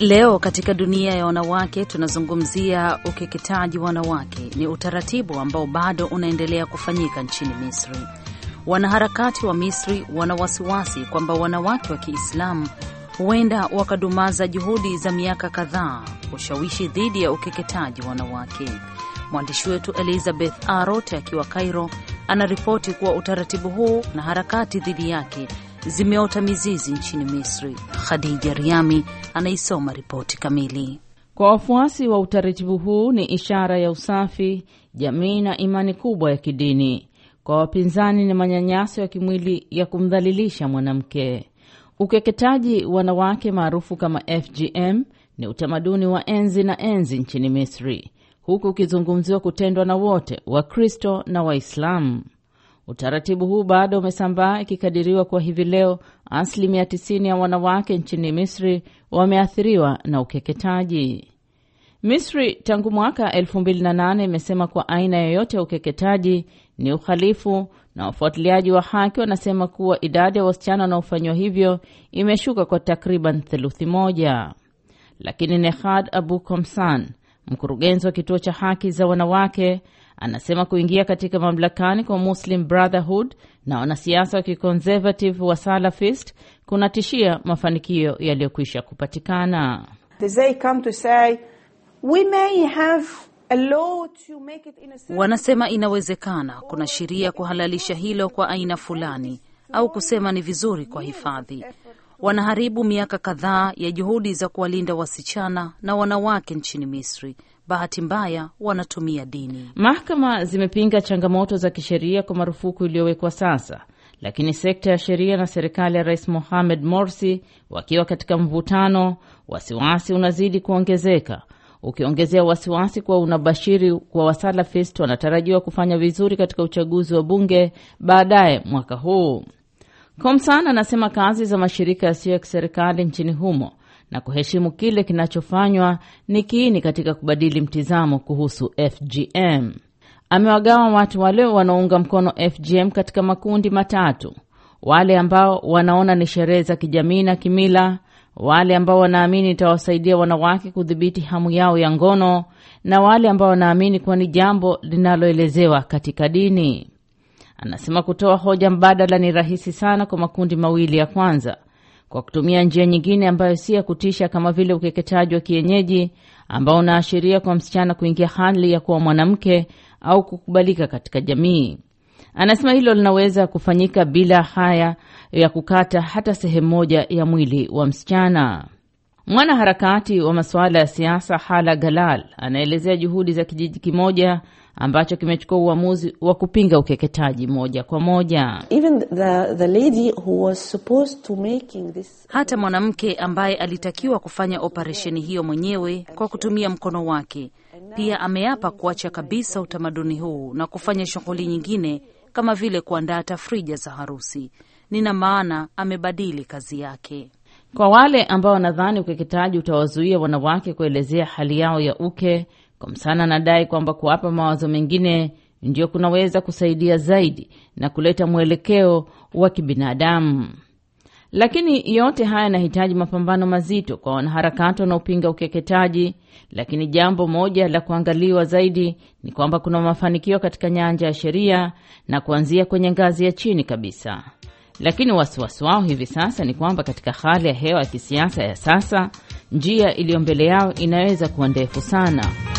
Leo katika dunia ya wanawake tunazungumzia ukeketaji wanawake. Ni utaratibu ambao bado unaendelea kufanyika nchini Misri. Wanaharakati wa Misri wana wasiwasi kwamba wanawake wa Kiislamu huenda wakadumaza juhudi za miaka kadhaa ushawishi dhidi ya ukeketaji wanawake. Mwandishi wetu Elizabeth Arot akiwa Cairo anaripoti kuwa utaratibu huu na harakati dhidi yake zimeota mizizi nchini Misri. Khadija Riami anaisoma ripoti kamili. Kwa wafuasi wa utaratibu huu ni ishara ya usafi, jamii na imani kubwa ya kidini. Kwa wapinzani ni manyanyaso ya kimwili ya kumdhalilisha mwanamke. Ukeketaji wanawake maarufu kama FGM ni utamaduni wa enzi na enzi nchini Misri, huku ukizungumziwa kutendwa na wote Wakristo na Waislamu. Utaratibu huu bado umesambaa, ikikadiriwa kuwa hivi leo asilimia 90 ya wanawake nchini Misri wameathiriwa na ukeketaji. Misri tangu mwaka 2008 imesema kwa aina yoyote ya ukeketaji ni uhalifu, na wafuatiliaji wa haki wanasema kuwa idadi ya wasichana wanaofanyiwa hivyo imeshuka kwa takriban theluthi moja. Lakini Nehad Abu Komsan, mkurugenzi wa kituo cha haki za wanawake, Anasema kuingia katika mamlakani kwa Muslim Brotherhood na wanasiasa wa kiconservative wa Salafist kunatishia mafanikio yaliyokwisha kupatikana. Wanasema inawezekana kuna sheria kuhalalisha hilo kwa aina fulani, au kusema ni vizuri kwa hifadhi wanaharibu miaka kadhaa ya juhudi za kuwalinda wasichana na wanawake nchini Misri. Bahati mbaya wanatumia dini. Mahakama zimepinga changamoto za kisheria kwa marufuku iliyowekwa sasa, lakini sekta ya sheria na serikali ya Rais Mohamed Morsi wakiwa katika mvutano. Wasiwasi unazidi kuongezeka, ukiongezea wasiwasi kuwa unabashiri kwa wasalafist wanatarajiwa kufanya vizuri katika uchaguzi wa bunge baadaye mwaka huu. Komsan anasema kazi za mashirika yasiyo ya kiserikali nchini humo na kuheshimu kile kinachofanywa ni kiini katika kubadili mtizamo kuhusu FGM. Amewagawa watu wale wanaounga mkono FGM katika makundi matatu: wale ambao wanaona ni sherehe za kijamii na kimila, wale ambao wanaamini itawasaidia wanawake kudhibiti hamu yao ya ngono, na wale ambao wanaamini kuwa ni jambo linaloelezewa katika dini. Anasema kutoa hoja mbadala ni rahisi sana kwa makundi mawili ya kwanza kwa kutumia njia nyingine ambayo si ya kutisha kama vile ukeketaji wa kienyeji ambao unaashiria kwa msichana kuingia hali ya kuwa mwanamke au kukubalika katika jamii. Anasema hilo linaweza kufanyika bila haya ya kukata hata sehemu moja ya mwili wa msichana. Mwanaharakati wa masuala ya siasa Hala Galal anaelezea juhudi za kijiji kimoja ambacho kimechukua uamuzi wa kupinga ukeketaji moja kwa moja. Even the, the lady who was supposed to making this... hata mwanamke ambaye alitakiwa kufanya operesheni hiyo mwenyewe kwa kutumia mkono wake pia ameapa kuacha kabisa utamaduni huu na kufanya shughuli nyingine kama vile kuandaa tafrija za harusi. Nina maana amebadili kazi yake. Kwa wale ambao wanadhani ukeketaji utawazuia wanawake kuelezea hali yao ya uke Komsana anadai kwamba kuwapa mawazo mengine ndio kunaweza kusaidia zaidi na kuleta mwelekeo wa kibinadamu. Lakini yote haya yanahitaji mapambano mazito kwa wanaharakati wanaopinga ukeketaji. Lakini jambo moja la kuangaliwa zaidi ni kwamba kuna mafanikio katika nyanja ya sheria na kuanzia kwenye ngazi ya chini kabisa. Lakini wasiwasi wao hivi sasa ni kwamba katika hali ya hewa ya kisiasa ya sasa, njia iliyo mbele yao inaweza kuwa ndefu sana.